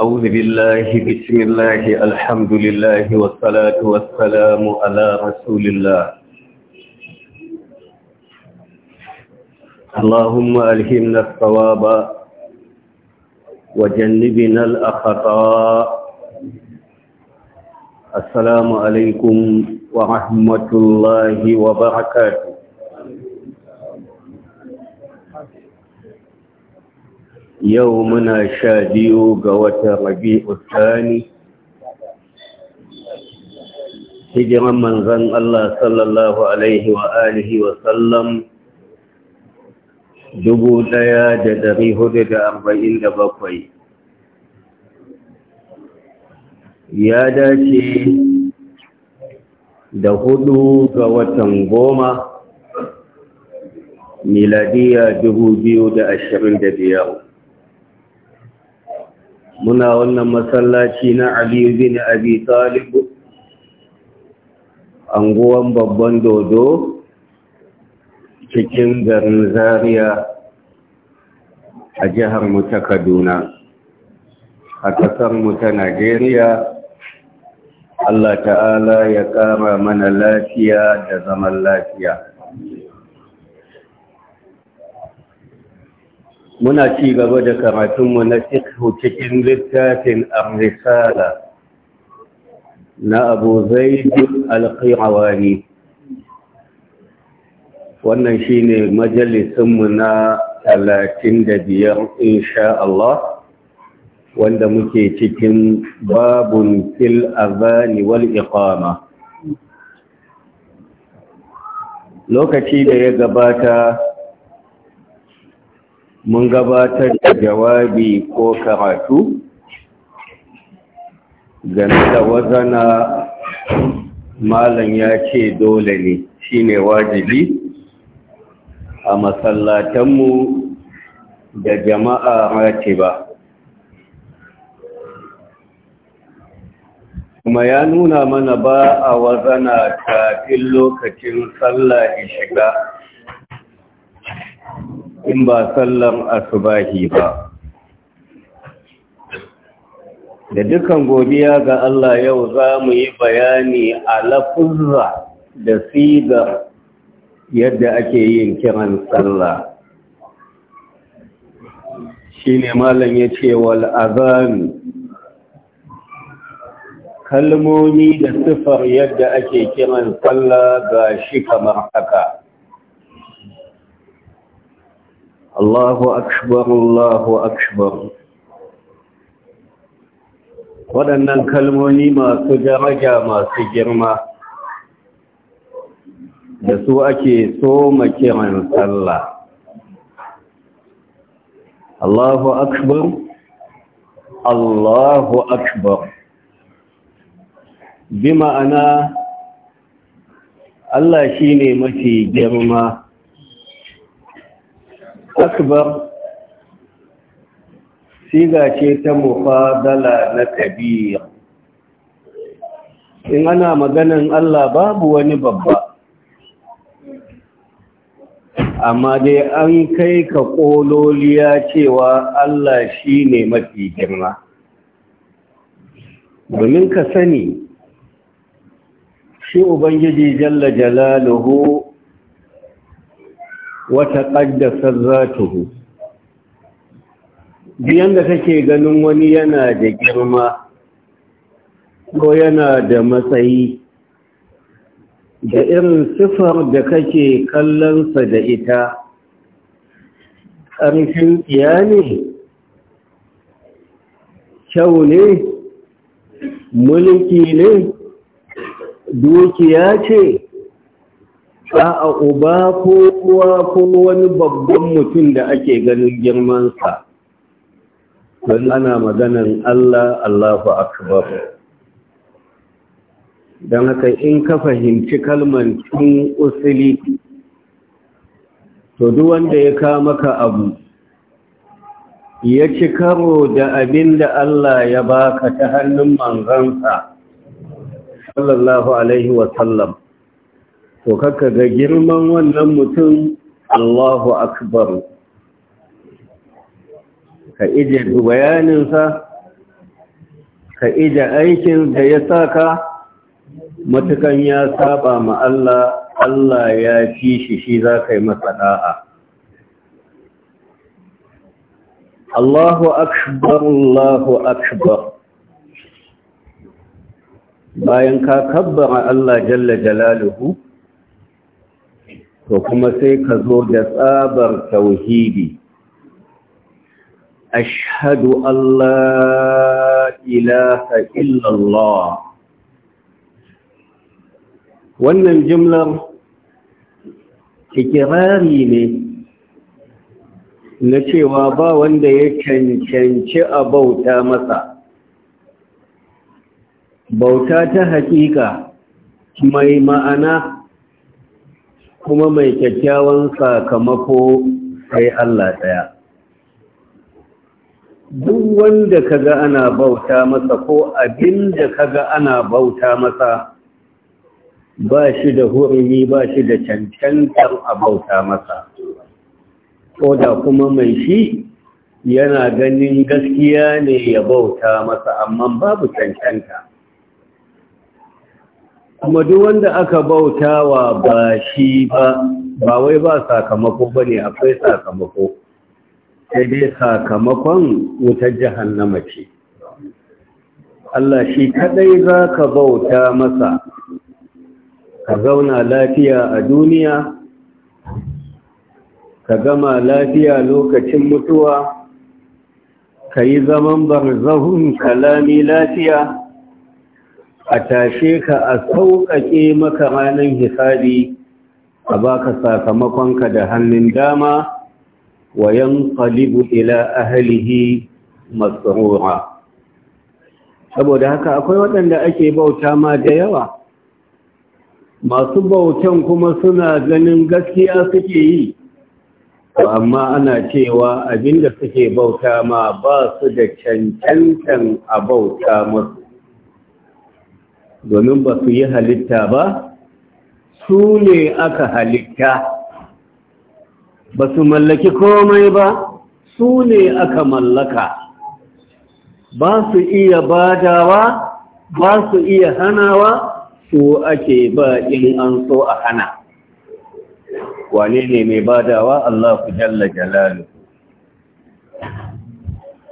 أعوذ بالله بسم الله الحمد لله والصلاة والسلام على رسول الله اللهم ألهمنا الصواب وجنبنا الأخطاء السلام عليكم ورحمة الله وبركاته yau muna sha biyu ga watan rabi'u tsani hijiran manzan Allah sallallahu alaihi wa alihi wa sallam dubu ɗaya da dari hudu da arba'in da bakwai ya dace da hudu ga watan goma miladiya dubu biyu da ashirin da biyar muna wannan masallaci na Aliyu bin Abi Talib anguwan babban dodo cikin garin Zaria a jihar mu ta Kaduna a ƙasar mu ta Najeriya Allah ta'ala ya ƙara mana lafiya da zaman lafiya muna ci gaba da karatunmu na fiqhu cikin littafin ar na Abu Zaid al-Qirawani wannan shine majalisunmu na talatin biyar, insha Allah wanda muke cikin babun fil azani wal iqama lokaci da ya gabata mun gabatar da jawabi ko karatu game da wazana malam ya ce dole ne shine wajibi a masallatanmu da jama'a ba. kuma ya nuna mana ba a wazana kafin lokacin sallah shiga in ba sallan asubahi ba da dukan godiya ga Allah yau za mu yi bayani a lafuzza da sigar yadda ake yin kiran sallah shi ne malam ya ce wal azami kalmomi da sifar yadda ake kiran sallah ga shi kamar haka Allahu akbar Allahu akbar waɗannan kalmomi masu daraja masu girma da su ake so kiran sallah Allahu akbar Allahu akbar bi ma'ana Allah shine mafi girma akbar siga ce ta mufadala na kabir in ana maganan Allah babu wani babba amma dai an kai ka kololiya cewa Allah shi ne mafi girma domin ka sani shi ubangiji jalla jalaluhu wata ƙaddasar hu. biyan da kake ganin wani yana da girma ko yana da matsayi da irin sifar da kake kallonsa da ita ƙarfin tsiya ne kyau ne mulki ne dukiya ce a uba ko kuwa ko wani babban mutum da ake ganin girmansa don ana maganar Allah Allahu akbar don haka in ka fahimci kalman tun usuli to duk wanda ya kama ka abu ya ci karo da abin da Allah ya baka ta hannun manzansa sallallahu alaihi wasallam to kaka ga girman wannan mutum Allahu akbar ka ije bayaninsa ka ije aikin da ya saka matukan ya saba ma Allah Allah ya fi shi shi za ka yi Allahu akbar Allahu akbar bayan ka kabbara Allah jalla jalaluhu to kuma sai ka zo da tsabar tauhidi ashhadu Allah ilaha illallah wannan jimlar ikirari ne na cewa ba wanda ya cancanci a bauta masa bauta ta haƙiƙa mai ma'ana kuma mai kyakkyawan sakamako sai Allah ɗaya. Duk wanda kaga ana bauta masa ko abin da kaga ana bauta masa ba shi da hurumi ba shi da cancantar a bauta masa. Ko da kuma mai shi yana ganin gaskiya ne ya bauta masa amma babu cancanta. kuma duk wanda aka bautawa ba shi ba ba wai ba sakamako ba ne akwai sakamako sai dai sakamakon wutar jahannama ce Allah shi kadai za ka bauta masa ka zauna lafiya a duniya ka gama lafiya lokacin mutuwa ka yi zaman barzahun kalami lafiya a tashe ka a sauƙaƙe maka ranar hisabi a baka sakamakonka da hannun dama wa 'yan yanqalibu ila ahlihi masarora saboda haka akwai waɗanda ake bauta ma da yawa masu bautan kuma suna ganin gaskiya suke yi amma ana cewa abinda suke bauta ma ba su da cancantan a bauta musu domin ba su yi halitta ba su ne aka halitta ba su mallaki komai ba su ne aka mallaka ba su iya badawa ba su iya hanawa su ake ba in an so a hana wane ne mai badawa Allah ku jalla jalalu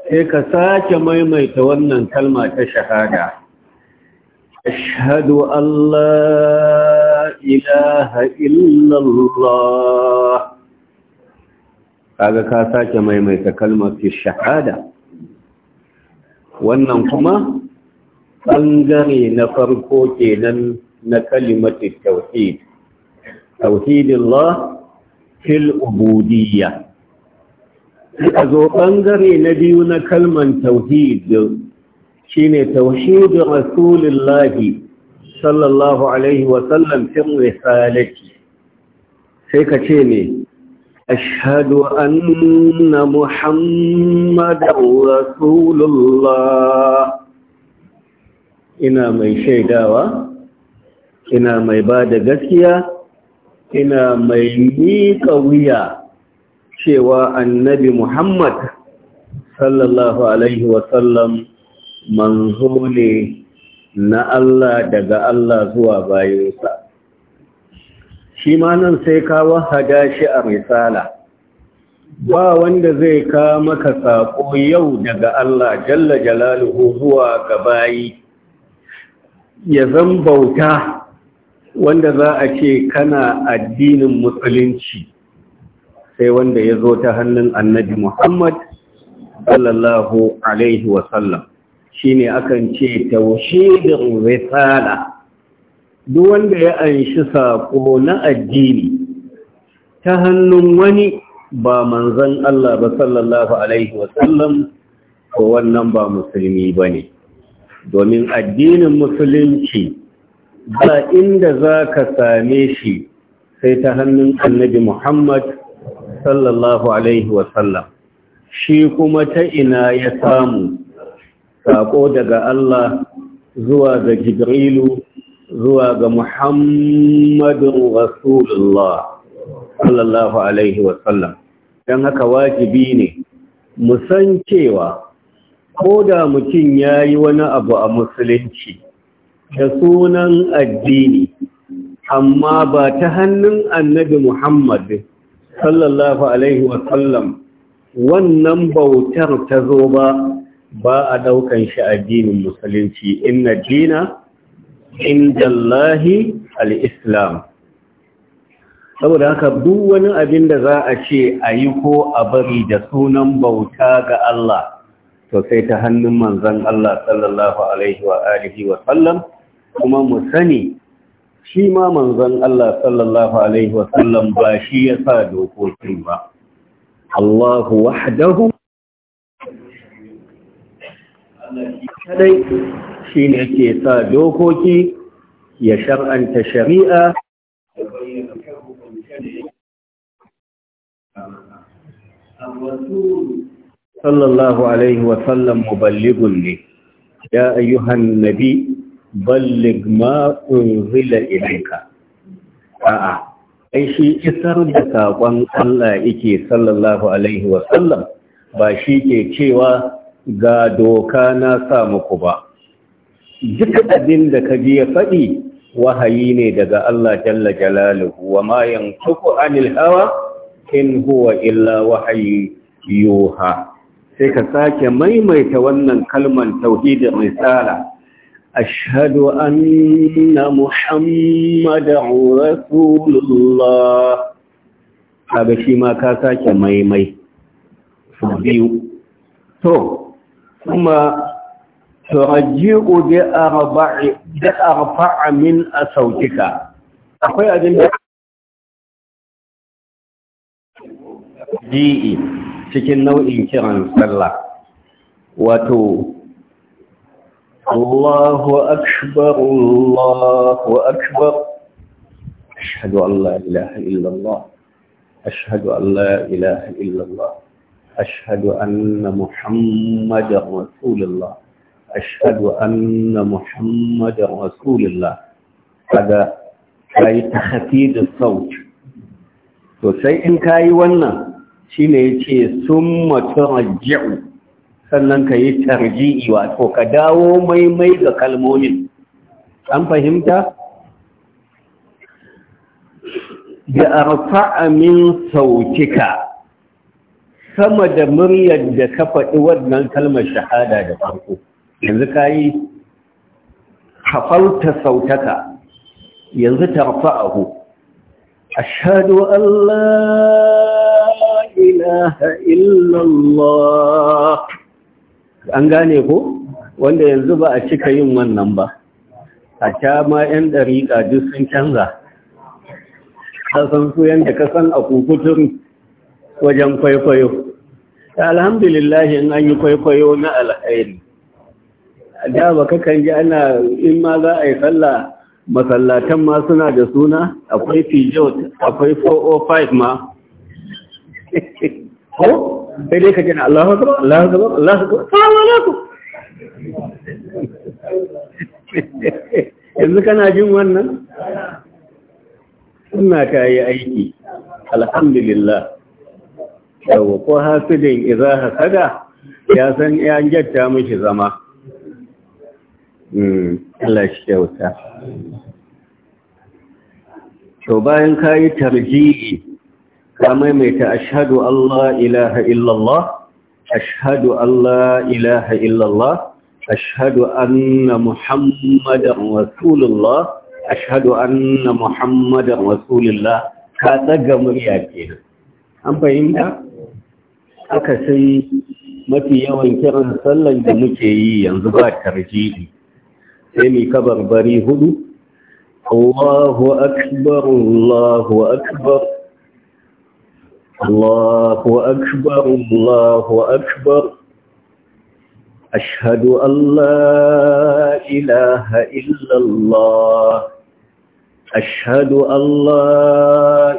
sai ka sake maimaita wannan kalma ta shahada أشهد أن لا إله إلا الله هذا كاسا كما يميت كلمة الشهادة وننقما أنجري نفرقو كينا نكلمة التوحيد توحيد الله في الأبودية أزو أنجري نبينا كلمة توحيد shine tauhidu rasulillahi sallallahu alaihi wa wasallam fin risalati sai ka ce ne ashhadu anna muhammadar rasulullah ina mai shaidawa ina mai bada gaskiya ina mai miƙa wuya cewa annabi muhammad sallallahu alaihi wa sallam. manzo ne na Allah daga Allah zuwa bayansa shi ma nan sai ka wahada shi a risala ba wanda zai ka maka saƙo yau daga Allah jalla jalaluhu zuwa ga bayi ya zan bauta wanda za a ce kana addinin musulunci sai wanda ya zo ta hannun annabi Muhammad sallallahu alaihi wasallam ne akan ce taushidin risala duk wanda ya anshi sako na addini ta hannun wani ba manzon Allah ba sallallahu alaihi wasallam ko wannan ba musulmi bane domin addinin musulunci ba inda za ka same shi sai ta hannun annabi Muhammad sallallahu alaihi wasallam shi kuma ta ina ya samu saƙo daga Allah zuwa ga Jibrilu zuwa ga Muhammadun Rasulullah sallallahu Alaihi wasallam. Don haka wajibi ne, musan cewa, ko da mutum ya yi wani abu a musulunci, da sunan addini, amma ba ta hannun annabi Muhammadu sallallahu Alaihi wasallam wannan bautar ta zo ba ba a daukan shi addinin musulunci inna dina indallahi al-islam saboda haka duk wani abin da za a ce a yi ko a bari da sunan bauta ga Allah to sai ta hannun manzon Allah sallallahu alaihi wa alihi wa sallam kuma mu sani shi ma manzon Allah sallallahu alaihi wa sallam ba shi ya sa dokokin ba Allahu wahdahu Allah shi kadai shi ne ke sa dokoki ya shar'anta shari'a sallallahu alaihi wa wasallam muballigun ne ya ayyuhan nabi ballig ma unzila ilaika. a'a ai shi isar da sakon Allah yake sallallahu alaihi wa sallam ba shi ke cewa ga doka na sa muku ba duk abin da ka ji ya faɗi wahayi ne daga Allah jalla jalaluhu wa ma yantuku anil hawa in huwa illa wahayi yuha sai ka sake maimaita wannan kalman tauhidin risala ashhadu anna muhammadan rasulullah kaga shi ma ka sake maimai biyu to ثم ترجئ بأربع بأرفع من صوتك أخوي أدن جيئي سكن نوع إنكران صلى وتو الله أكبر الله أكبر أشهد أن لا إله إلا الله أشهد أن لا إله إلا الله أشهد أن محمد رسول الله أشهد أن محمد رسول الله هذا كاي تخفيض الصوت sosai in kayi wannan shine yace summa turji'u sannan kayi yi tarji'i wato ka dawo maimai ga kalmomin an fahimta da arfa'a min sautika sama da muryar da ka faɗi wannan kalmar shahada da farko yanzu ka yi hafauta sautaka yanzu tarfa A an a ilaha Allah an gane ko wanda yanzu ba a cika yin wannan ba a ta ma 'yan ɗariƙa duk sun canza kasan su yadda san a kukutun wajen kwaikwayo alhamdulillah in an yi kwaikwayo na alkhairi da baka kan ji ana in ma za a yi sallah masallatan ma suna da suna akwai pijot akwai 405 ma ko sai dai ka jina Allahu akbar Allahu akbar Allahu akbar salamu alaikum yanzu kana jin wannan suna ta yi aiki alhamdulillah yau ko hasidin iza hasada ya san ya gyatta mishi zama hmm, Allah shi kyauta to bayan ka yi tarjihi ka maimaita ashhadu Allah ilaha illallah ashhadu Allah ilaha illallah ashhadu anna muhammadan rasulullah ashhadu anna muhammadan rasulullah ka tsaga murya kenan an fahimta aka sai mafi yawan kiran sallan da muke yi yanzu ba tarjihi sai mai bari hudu Allahu akbar Allahu akbar Allahu akbar Allahu akbar ashhadu an la ilaha illa Allah ashhadu an la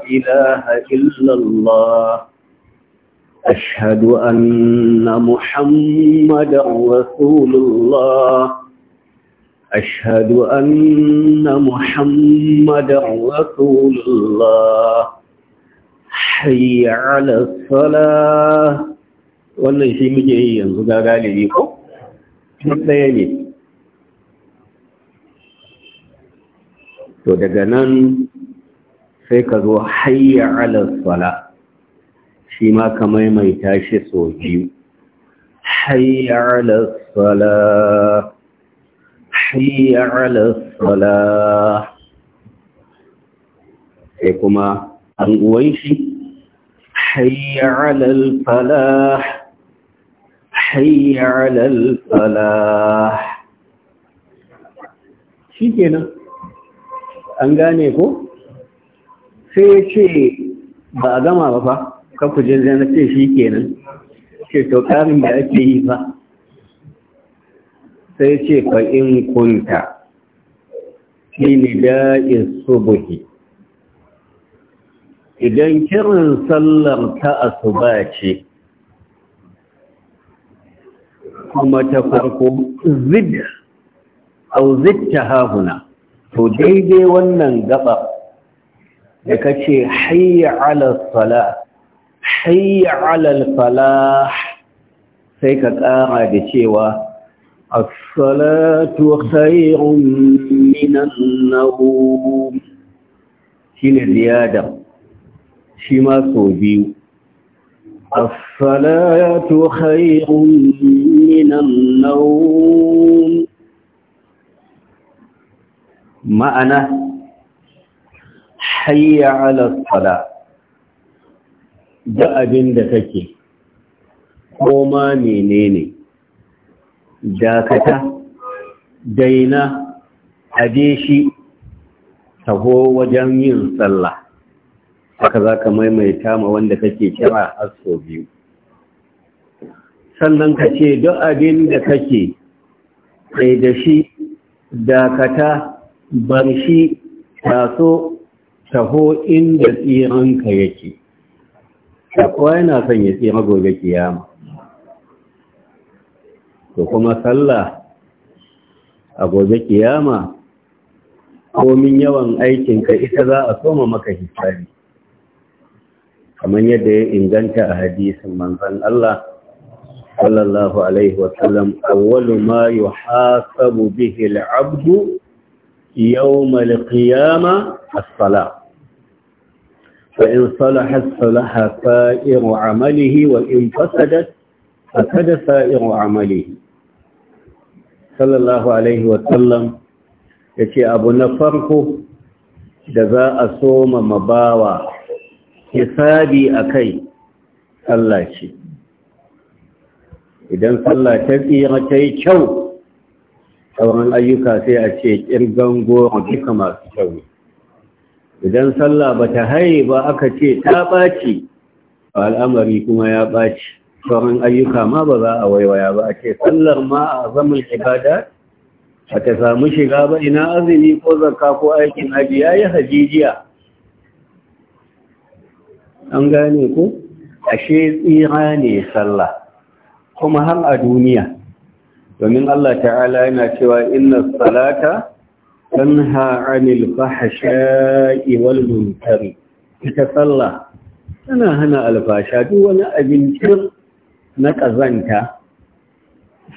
ilaha illa Allah أشهد أن محمد رسول الله أشهد أن محمد رسول الله حي على الصلاة والله شيء مجيء هذا قال لي هو مثلاني تودعنا هو حي على الصلاة shi ma ka maimaita shi sau biyu hayya ala salah sai kuma an uwan shi hayya ala falah hayya ala sala. shi kenan an gane ko sai ce ba a gama ba fa kaku je zai na ce shi kenan ce to karin da ake yi ba sai ce fa in kunta shi ne da'in subuhi idan kirin sallar ta asuba ce kuma ta farko zid au ta hahuna to daidai wannan gaba da kace hayya ala salat hayya alal falah sai ka ƙara da cewa as-salatu khayrun minan nawm shine ziyada shi ma so biyu as-salatu khayrun minan nawm ma'ana hayya ala as da abin da kake ko ma menene dakata daina abe shi taho wajen yin sallah haka za ka maimaita ma wanda kake kira har biyu sannan ka ce duk abin da kake sai da shi dakata bar shi taso taho inda tsiranka yake kowa yana son ya tsira gobe kiyama to kuma sallah a gobe kiyama komin yawan aikinka ita za a soma maka hisabi kamar yadda ya inganta a hadisin manzan Allah sallallahu alaihi wasallam awwalu ma yuhasabu bihi al-'abdu yawm al-qiyamah as-salah فإن صلحت صلح سائر عمله وإن فسدت فسد سائر عمله صلى الله عليه وسلم yace abu na farko da za a soma mabawa hisabi a kai ce idan sallah ta tsira ta kyau auren ayyuka sai a ce ƙirgan goro duka masu kyau idan sallah bata ta haye ba aka ce ta ɓaci al'amari kuma ya ɓaci sauran ayyuka ma ba za a waiwaya ba a ce sallar ma a zaman ibada a ta samu shiga ba ina azumi ko zakka ko aikin haji ya yi hajijiya an gane ku ashe tsira ne sallah kuma har a duniya domin Allah ta'ala yana cewa inna salata تنهى عن الفحشاء والمنكر تتصلى أنا هنا الفحشاء abinci na ƙazanta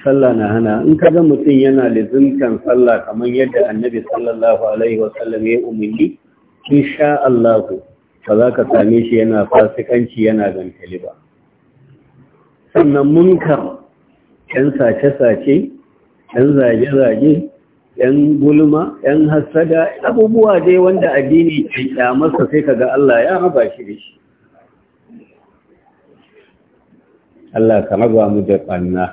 sallah na hana in ka ga mutum yana lizimtan sallah kamar yadda annabi sallallahu alaihi wasallam ya umarni insha Allah ba za ka same shi yana fasikanci yana gantali ba sannan munkar ɗan sace-sace ɗan zage-zage yan gulma yan hasada abubuwa dai wanda addini ke masa sai ka ga Allah ya raba shi da shi Allah ka raba mu da ɓanna.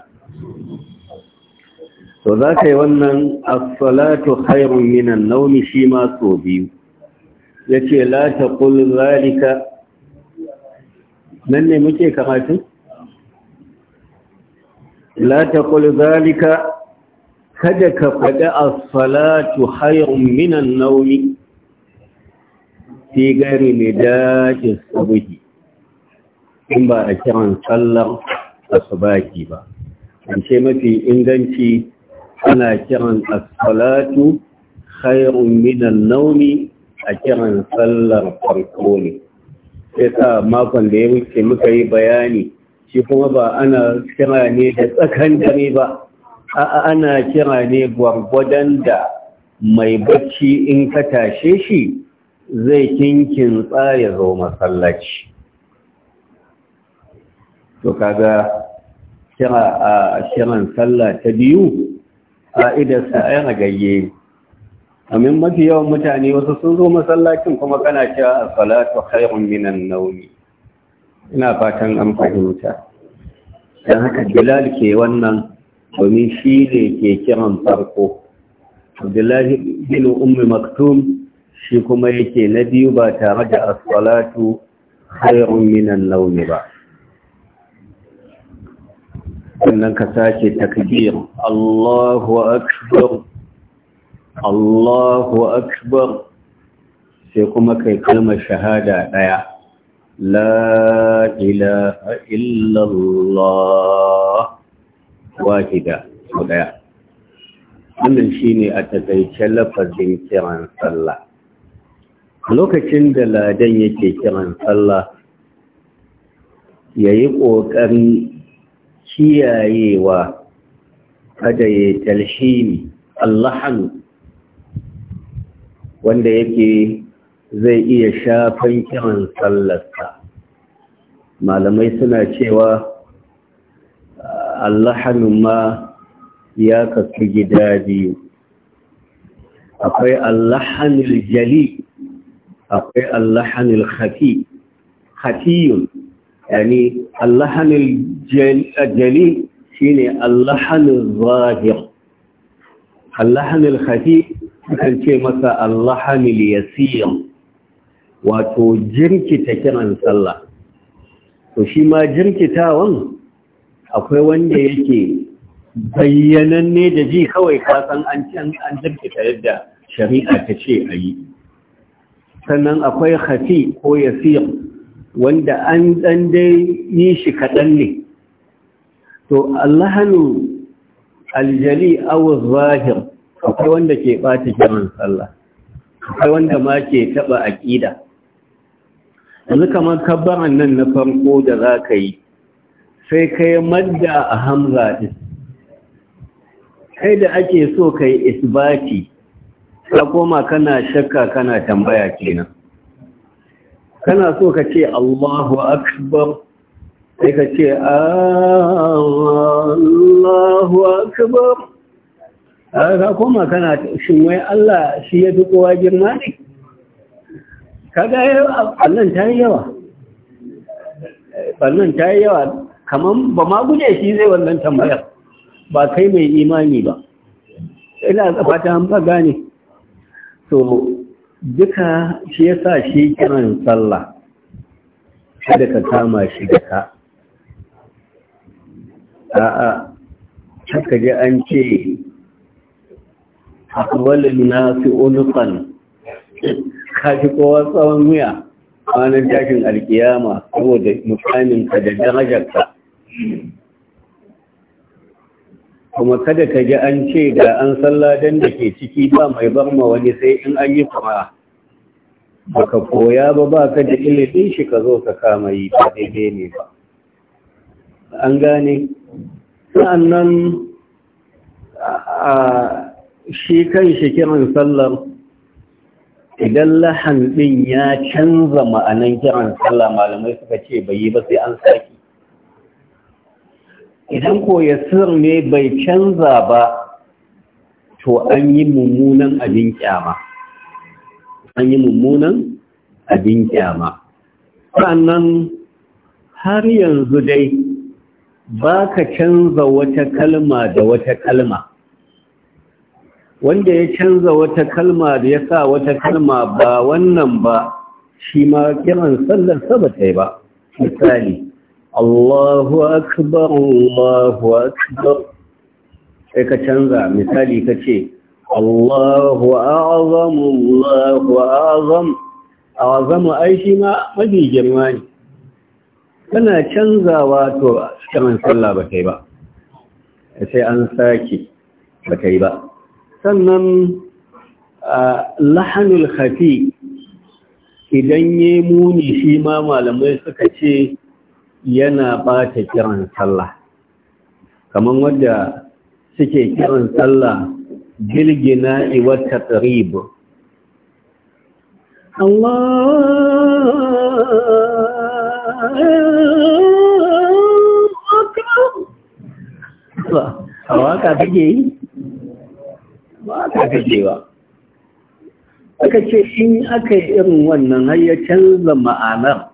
to za ka yi wannan asalatu hairun minan naumi shi ma so biyu ce la kulun zalika nan ne muke kamatin? la kulun zalika kada ka faɗi as-salatu hayrun minan nauni, fi gari mai dace sabuhi in ba a kiran sallar asubaki ba ce mafi inganci ana kiran as-salatu hayrun minan nauni a kiran sallar farko ne sai sa makon da ya wuce muka yi bayani shi kuma ba ana kira ne da tsakan dare ba A'a ana kira ne gwargwadon da mai bacci in ka tashe shi zai kinkin ya zo masallaci to kaga kira a shirin sallah ta biyu A fa'idarsa ai ragayye amin mafi yawan mutane wasu sun zo masallacin kuma kana cewa salatu khairun minan nauni. ina fatan an fahimta don haka bilal ke wannan domin shi ne ke kiran farko abdullahi bin ummi maktum shi kuma yake na biyu ba tare da as-salatu khairun minan ba sannan ka sake takbir Allahu akbar Allahu akbar sai kuma kai kalmar shahada daya la ilaha illallah wahida su ɗaya wannan shine a takaice lafazin kiran sallah lokacin da ladan yake kiran sallah ya yi ƙoƙarin kiyayewa kada ya talhini allahan wanda yake zai iya shafan kiran sallarsa malamai suna cewa allahamin ma ya kasu gida biyu akwai allahanil jali akwai allahanil hafi hafiyun yani allahanil jali shine allahanil zahir allahanil hafi kan ce masa allahanil yasir wato jirkita kiran sallah to shi ma jirkitawan akwai wanda yake bayyananne da ji kawai kasan an can an jirkita yadda shari'a ta ce a yi sannan akwai hafi ko yasir wanda an ɗan dai yi shi kaɗan ne to allahanu aljali awu zahir akwai wanda ke ɓata kiran sallah akwai wanda ma ke taɓa aƙida yanzu kamar kabbaran nan na farko da za ka yi sai kai madda a hamza ɗin, kai da ake so ka yi isbati ka koma kana shakka kana tambaya kenan kana so ka ce Allahu akbar sai ka ce ah, Allahu akbar ka koma kana shin wai Allah shi ya fi kowa girma ne Ka Allah yi yawa ballan ta yi yawa kamar ba ma guje shi zai wannan tambayar ba kai mai imani ba ina fata an baga gane to duka shi yasa shi kiran sallah kada ka kama shi da ka a'a haka ji an ce akwalin nasi unukan kashi kowa tsawon wuya ranar tashin alkiyama saboda ka da darajarka kuma kada ka ji an ce da an salladan da ke ciki ba mai barma wani sai in an yi kuma baka koya ba ba ka da ilimin shi ka zo ka kama yi ta daidai ne ba an gane sa'annan a shi kan shi kiran sallar idan lahan ɗin ya canza ma'anan kiran sallar, malamai suka ce bai yi ba sai an sake idan ko ya sir ne bai canza ba to an yi mummunan abin kyama an yi mummunan abin kyama sannan har yanzu dai ba ka canza wata kalma da wata kalma wanda ya canza wata kalma da ya sa wata kalma ba wannan ba shi ma kiran sallar saba ta ba misali Allahu akbar Allahu akbar sai ka canza misali ka ce Allahu a'azam Allahu a'azam a'azam ai shi ma mafi girma ne kana canzawa to kiran sallah ba kai ba sai an saki ba kai ba sannan lahanul khafi idan yayi muni shi ma malamai suka ce yana bata kiran sallah kamar wanda suke kiran sallah gilgina iwata tsarib Allah wa ka take yi ka take ba aka ce in aka yi irin wannan har ya canza ma'anar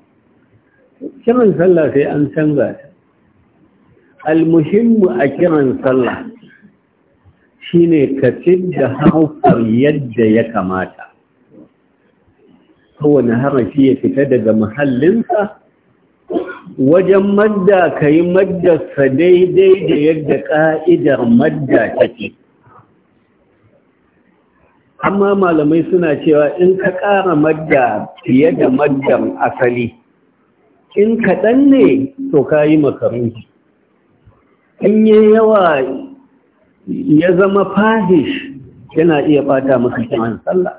kiran sallah sai an canza ta almuhimmu a kiran sallah shine ka da haukar yadda ya kamata kowane harafi ya fita daga mahallinsa wajen madda ka yi maddarsa daidai da yadda ƙa'idar madda take amma malamai suna cewa in ka ƙara madda fiye da maddar asali in kaɗan ne to ka yi makaruhi in yawa ya zama fahish yana iya bata maka kiman sallah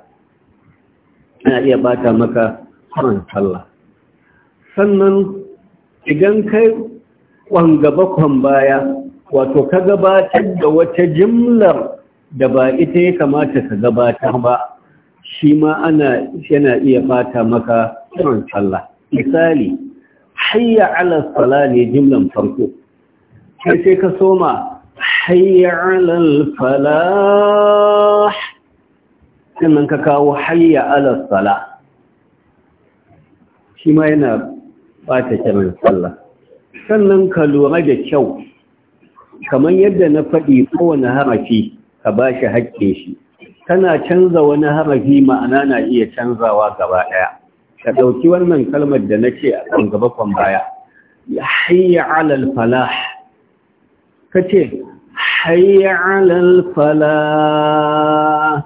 yana iya bata maka kiman sallah sannan idan kai kwangaba kwan baya wato ka gabatar da wata jimlar da ba ita ya kamata ka gabatar ba shi ma ana yana iya bata maka kiman sallah misali hayya ala sala ne jimlan farko sai sai ka soma hayya ala falah sannan ka kawo hayya ala sala shi ma yana bata kiran sallah sannan ka lura da kyau kamar yadda na faɗi kowane harafi ka ba shi haƙƙin shi tana canza wani harafi ma'ana na iya canzawa gaba ɗaya ka ɗauki wannan kalmar da na ce a kan gaba kwan baya ya hayya alal falah ka ce hayya alal falah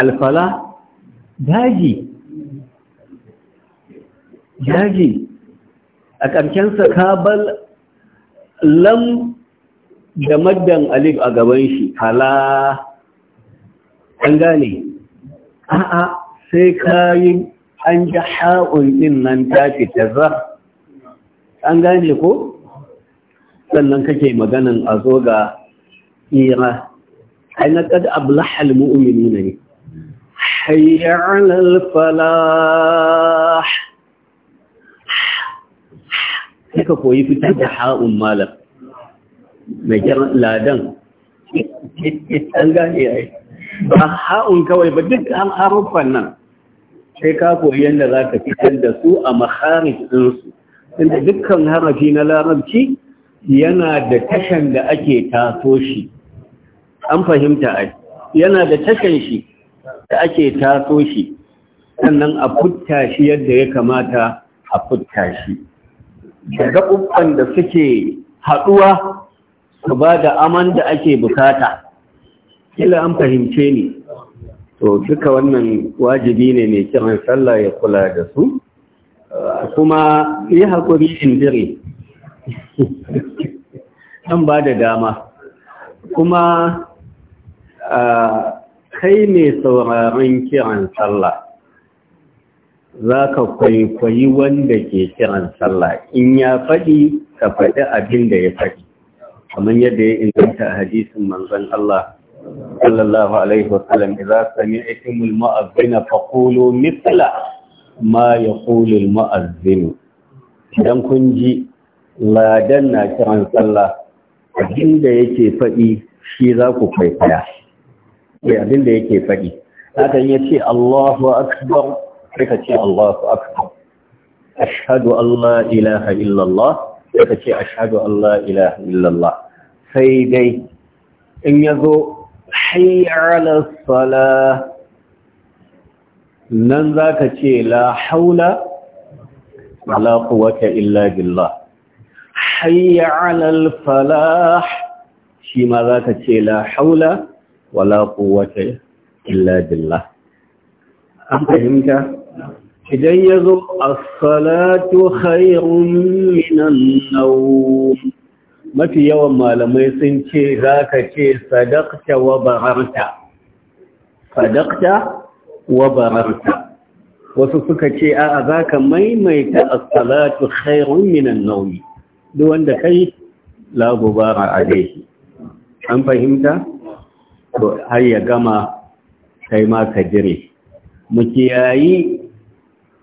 alfala daji daji a ƙarshensa kabal lam da maddan alif a gaban shi fala an gane a'a sai kayi an ji ha'un ɗin nan ta fita za an gane ko sannan kake maganin a zo ga ira ai na kada halmu'umini mu'mini ne hayyar falah ka koyi fitar da ha'un malam mai kiran ladan an gane yi ba ha'un kawai ba duk an harufan nan sai ka koyi yadda za ka fitar da su a makharij ɗinsu inda dukkan harafi na larabci yana da tashan da ake taso shi an fahimta ai yana da tashan shi da ake taso shi sannan a futta shi yadda ya kamata a futta shi daga gaɓuɓɓan da suke haɗuwa su ba da aman da ake bukata kila an fahimce ni to duka wannan wajibi ne mai kiran sallah ya kula da su kuma yi haƙuri in dire. ba da dama kuma kai mai sauraron kiran sallah za ka kwaikwayi wanda ke kiran sallah in ya faɗi ka faɗi abin da ya faɗi kamar yadda ya inganta hadisin manzan Allah صلى الله عليه وسلم إذا سمعتم المؤذن فقولوا مثل ما يقول المؤذن idan kun ji ladan na kiran sallah abinda yake faɗi shi za ku kwaikwaya abinda yake faɗi hakan ya ce Allahu akbar suka ce Allahu akbar ashhadu an la ilaha illallah suka ce ashhadu an la ilaha illallah sai dai in ya hayya ala sala nan zaka ce la haula wala quwwata illa billah hayya ala al falah shi ma zaka ce la haula wala quwwata illa billah an fahimta idan yazo as-salatu khayrun min mafi yawan malamai sun ce za ka ce sadakta wa bararta sadakta wa bararta wasu suka ce a za ka maimaita salatu khairun minan nauyi duk wanda kai labubara a daiki an fahimta? to har ya gama kai ma ka jire mu kiyayi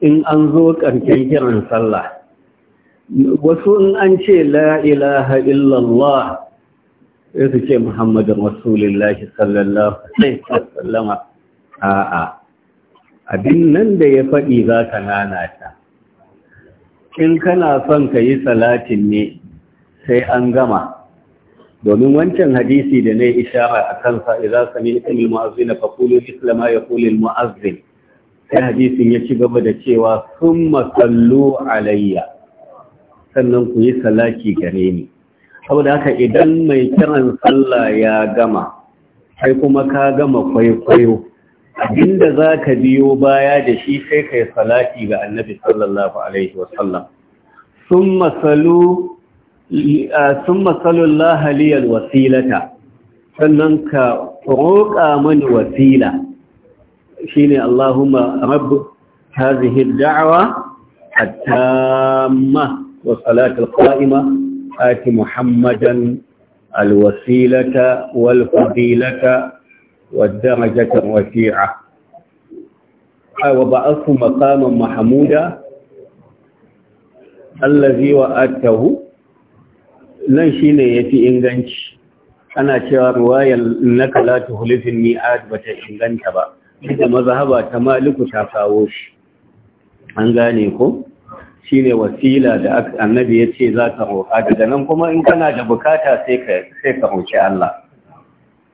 in an zo ƙarshen kiran sallah wasu in an ce la ilaha illallah ya su ce muhammadin rasulullahi sallallahu alaihi a a'a abin nan da ya faɗi za ka ta in kana son ka yi salatin ne sai an gama domin wancan hadisi da na yi ishara a kansa idza sami ismil mu'azzin na qulu islama ya al sai hadisin ya ci gaba da cewa sun sallu alayya sannan ku yi salaki gare ni saboda haka idan mai kiran sallah ya gama sai kuma ka gama kwaikwayo abinda za ka biyo baya da shi sai ka yi salati ga annabi sallallahu alaihi wasallam sun masalu lahaliyar wasilata sannan ka roƙa mani wasila shi ne allahumma rabu ta zihir da'awa a tamma والصلاة القائمة آت محمدا الوسيلة والفضيلة والدرجة الرفيعة وبعثه مقاما محمودا allazi wa atahu nan shine yafi inganci ana cewa riwayar innaka la tuhlifin mi'ad bata inganta ba da mazhaba ta maliku ta kawo shi an gane ko shine wasila da annabi ya ce za ka roƙa daga nan kuma in kana da bukata sai ka roƙi Allah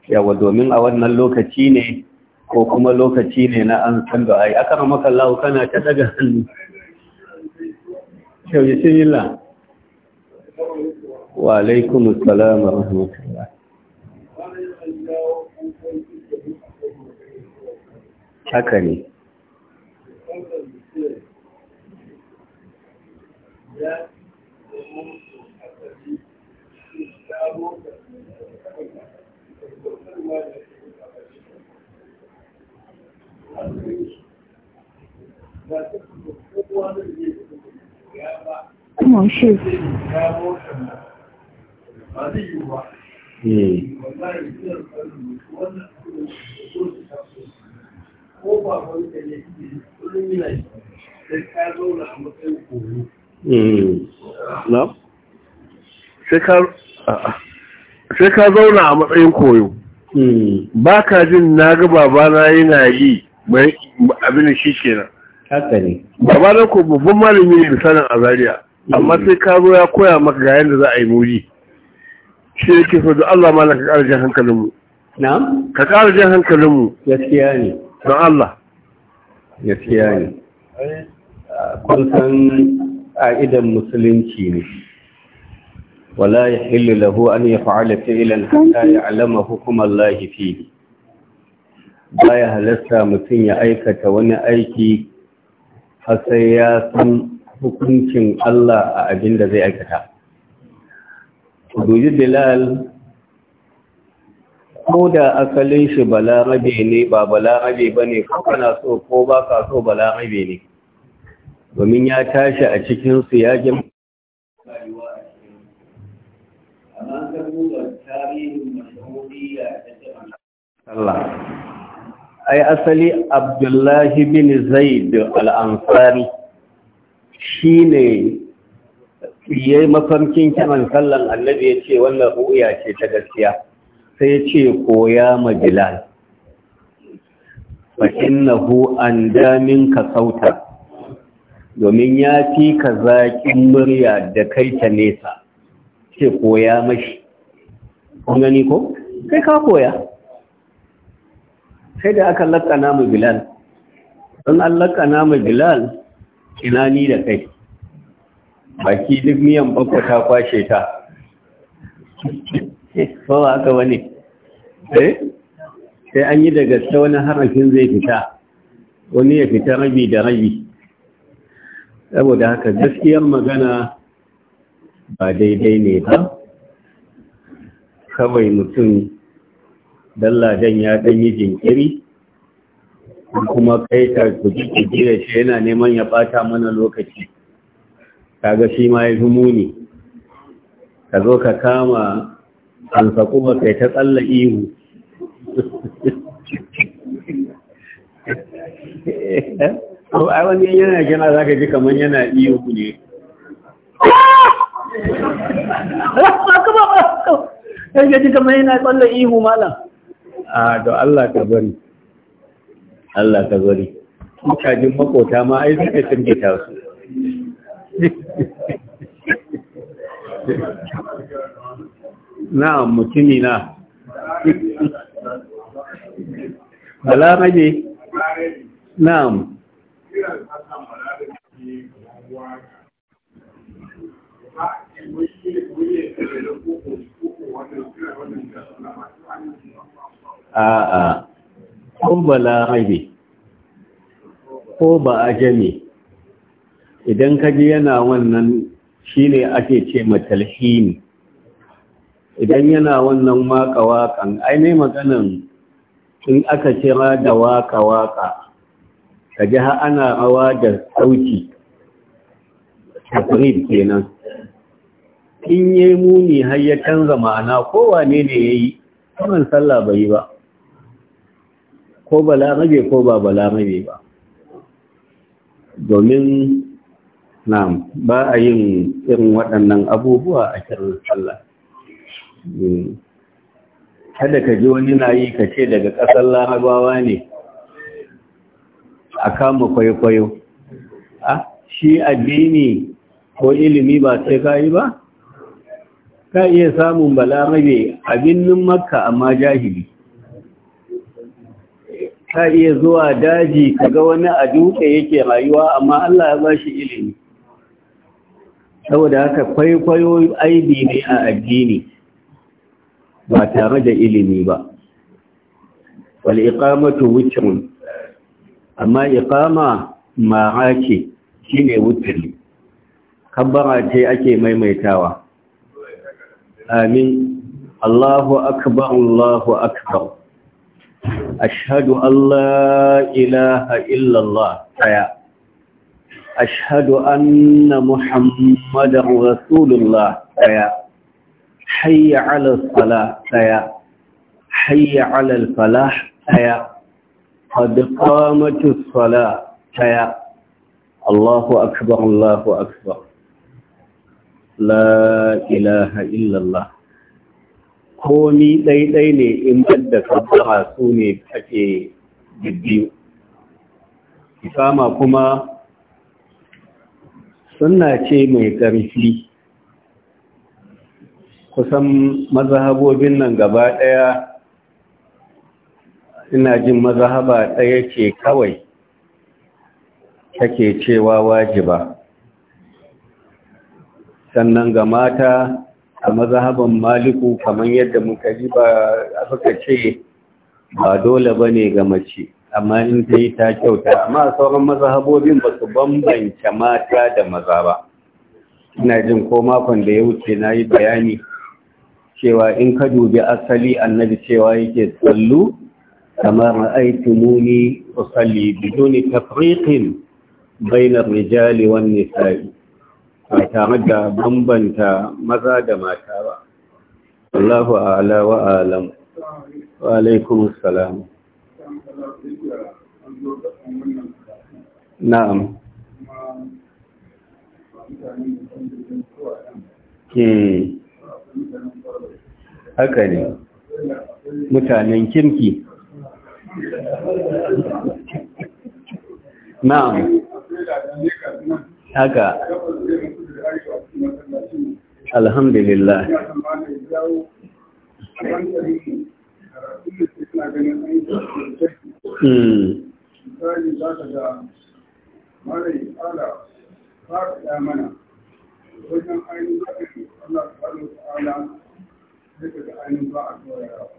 yawa domin a wannan lokaci ne ko kuma lokaci ne na an san da ai aka maka Allah kana ta daga hannu shau yi la wa alaikum assalam wa rahmatullah haka ne 模式。嗯。ko ba wani da ne da ka zo da a matsayin koyo Mm. sai ka zauna a matsayin koyo mm. ba ka jin na ga babana yana yi abin shi kenan nan babana ko babban malami ne misalin azariya mm. amma sai ka zo ya koya maka ga yadda za a yi muri shi yake so da Allah ma na ka ƙara jan hankalinmu na'am ka ƙara jan hankalinmu siya ne don Allah gaskiya ne kusan ƙa'idan musulunci ne wala ya hillu lahu an ya fa'ala fi'ilan hatta ya alama hukumar lahifi fiye ba ya halasta mutum ya aikata wani aiki har ya san hukuncin Allah a abin da zai aikata Duji Bilal ko da asalin shi balarabe ne ba balarabe ba ne ko kana so ko ba ka so balarabe ne domin ya tashi a cikin su ya jima Allah ai asali abdullahi bin zaid al'ansari shi ne ya yi mafarkin kiran sallan annabi ya ce wannan ruya ce ta gaskiya sai ce koya ma bilal fa innahu damin ka domin ya fi ka zaƙin murya da kai ta nesa ce koya mashi kun ni ko kai ka koya sai da aka laƙana mu bilal don an laƙana mu bilal ina ni da kai baki duk miyan bakwa ta kwashe ta ba ba aka wani eh? sai an yi daga gaske wani harafin zai fita wani ya fita rabi da rabi saboda haka gaskiyar magana ba daidai ne ba kawai mutum dalladan ya ɗan yi jinkiri kuma kai ta kuji kuji da shi yana neman ya ɓata mana lokaci kaga shi ma ya fi muni ka zo ka kama an saku ba kai ta tsalla ihu eh? to wani yana kina za ka ji kamar yana iyo ne sai ya ji kamar yana tsalle ihu malam a to Allah ka bari Allah ka bari mutane makota ma ai suka tsirgita su na mutumi na bala maje na'am A'a, ko bala da ba a ce ba ko idan ka ji yana wannan shi ne ake ce matalhini idan yana wannan waka wakan ai ne maganan in aka cira da waka waka ka ji ha ana rawa da sauki tafrid kenan in yi muni har ya canza ma'ana kowane ne ya yi sallah bai ba ko balarabe ko ba balarabe ba domin na ba a yin irin waɗannan abubuwa a kiran sallah hmm. kada ka ji wani na yi ka ce daga ƙasar larabawa ne a kama kwaikwayo a shi addini ko ilimi ba sai ka yi ba ka iya samun balarabe a binnin makka amma jahili ka iya zuwa daji ka ga wani a duka yake rayuwa amma Allah ya ba shi ilimi saboda haka kwaikwayo aibi ne a addini ba tare da ilimi ba wal iqamatu wujrun amma iqama ma'a shine wutri kabbara ce ake maimaitawa amin Allahu akbar Allahu akbar ashhadu an la ilaha illa Allah aya ashhadu anna muhammadar rasulullah aya hayya ala salah aya hayya ala al falah aya قد قامت الصلاة تيا الله أكبر الله أكبر لا إله إلا الله komi ɗaiɗai ne in da kabbara su ne ake bibbiyu isama kuma suna ce mai ƙarfi kusan mazhabobin nan gaba ɗaya ina jin mazahaba ɗaya ce kawai take cewa wajiba sannan ga mata a mazahaban maliku kamar yadda muka ji ba suka ce ba dole ba ne ga mace amma in ta yi ta kyauta amma sauran mazahabobin ba su bambance mata da maza ba ina jin ko makon da ya wuce na yi bayani cewa in ka dubi asali annabi cewa yake tsallu كما رأيتموني أصلي بدون تفريق بين الرجال والنساء فتعدى بمبنتا مزاد ما تابع الله أعلى وآلم وعليكم السلام نعم haka ne mutanen kirki na'am haka alhamdulillah Mm. a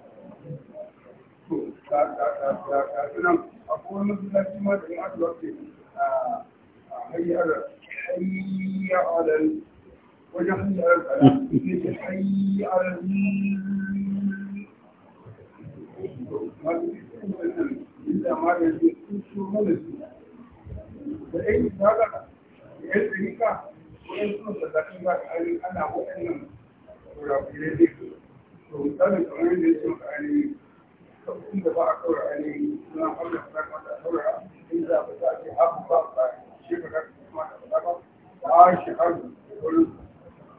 sunan akwai wani masallaci ma da masu wace a hanyar hanyar wajen hanyar kala ne ke hanyar masu cikin wannan inda ma da yake kusur mana su da ɗaya yi zaga da yan tsirika wani suna sallafin ba da hali ana waɗannan kurakurai ne to misalin kamar yadda ya ce maka ainihin sauƙin da za a ɗaura ainihin suna wannan sadaka da ɗaura in za a fita haku ba a shekara kuma da sadaka ba a shekaru da wurin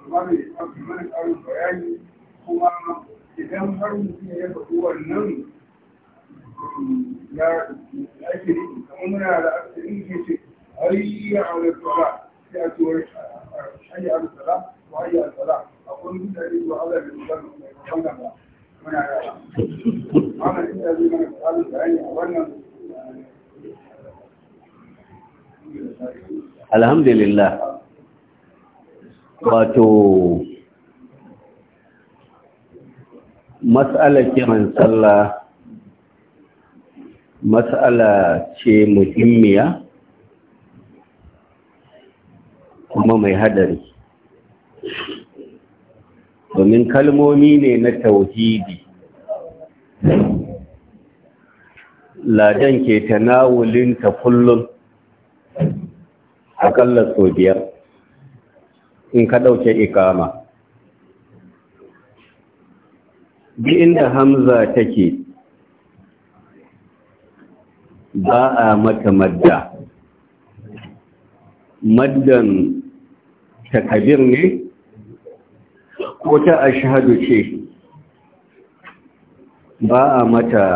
amma mai ɗauki mana ƙarin bayani kuma idan har mutum ya faɗi wannan ya ake nufi kamar muna da asirin ke ce ayya a wani tsara sai a tuwar ayya a wani ko ayya a tsara akwai mutane da Allah bai mutar da wannan ba alhamdulillah wato matsalar kiran sallah matsala ce muhimmiya kuma mai hadari domin kalmomi ne na tauhidi ladan ke tanawulinta kullum akalla sau biyar in ka ɗauke ikama bi inda hamza take ba a mata madda maddan takabir ne ko ta ashhadu ce ba a mata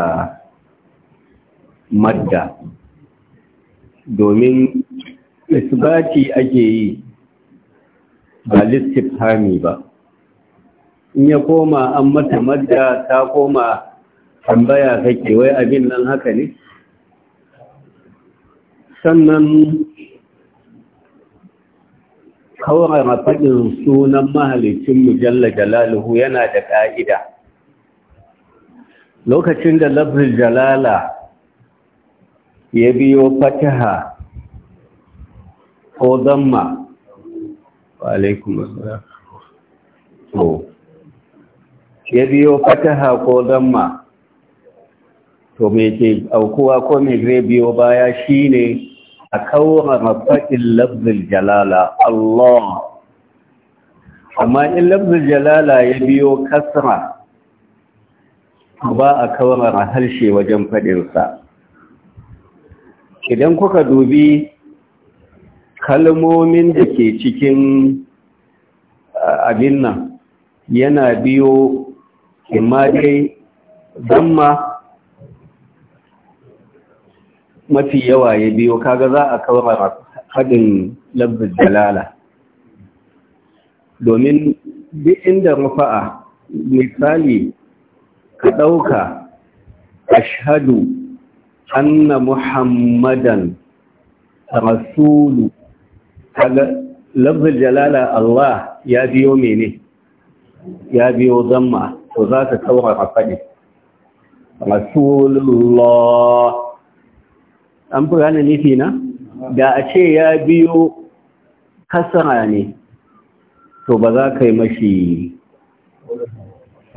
madda domin isbati ake yi ba listifami ba in ya koma an mata madda ta koma tambaya kake wai abin nan haka ne sannan kaurara faɗin sunan mahalicin mujalla jalaluhu yana da ƙa'ida lokacin da lafzin jalala ya biyo fataha ko zamma ya biyo fataha ko zamma to mai ke aukuwa ko mai biyo baya shine a kawara faɗin lafzul jalala Allah amma in lafzul jalala ya biyo kasra ba a kawara harshe wajen faɗinsa idan kuka dubi kalmomin da ke cikin ah, abin nan yana biyo imma dai mafi yawa ya biyo kaga za a kawar haɗin labbin dalala domin duk inda rufa'a misali ka ɗauka ashadu anna muhammadan rasulu kaga labbin dalala Allah ya biyo mene ya biyo zama, to za ka kawar haɗin rasulullah an fi gane nufi na da a ce ya biyo kasara ne to ba za ka yi mashi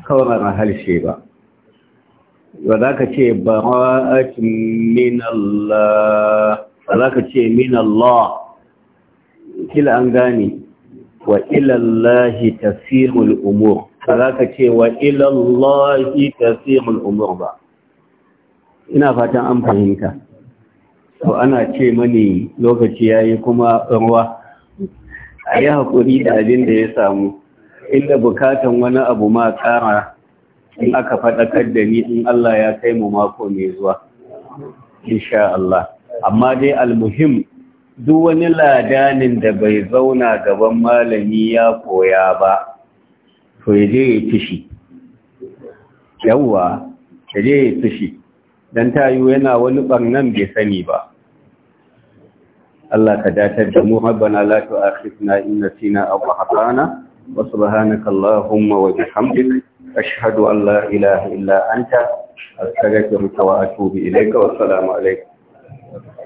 kawarar harshe ba ba za ka ce ba za ka ce min Allah kila an gane wa ilallahi tafirul umur ba za ka ce wa ilallahi tafirul umur ba ina fatan an fahimta to ana ce mani lokaci ya yi kuma ruwa a yi haƙuri da abin da ya samu inda bukatan wani abu ma ƙara in aka faɗakar da ni in Allah ya kai mu mako mai zuwa insha Allah amma dai almuhim duk wani ladanin da bai zauna gaban malami ya koya ba to ya je ya fishi yawwa ya je ya fishi dan tayu yana wani barnan bai sani ba Allah ka datar da mu rabbana a tu'akhidna in nasina aw akhtana wa subhanaka allahumma wa bihamdik ashhadu an la ilaha illa anta astaghfiruka wa atubu ilayka wa assalamu alaykum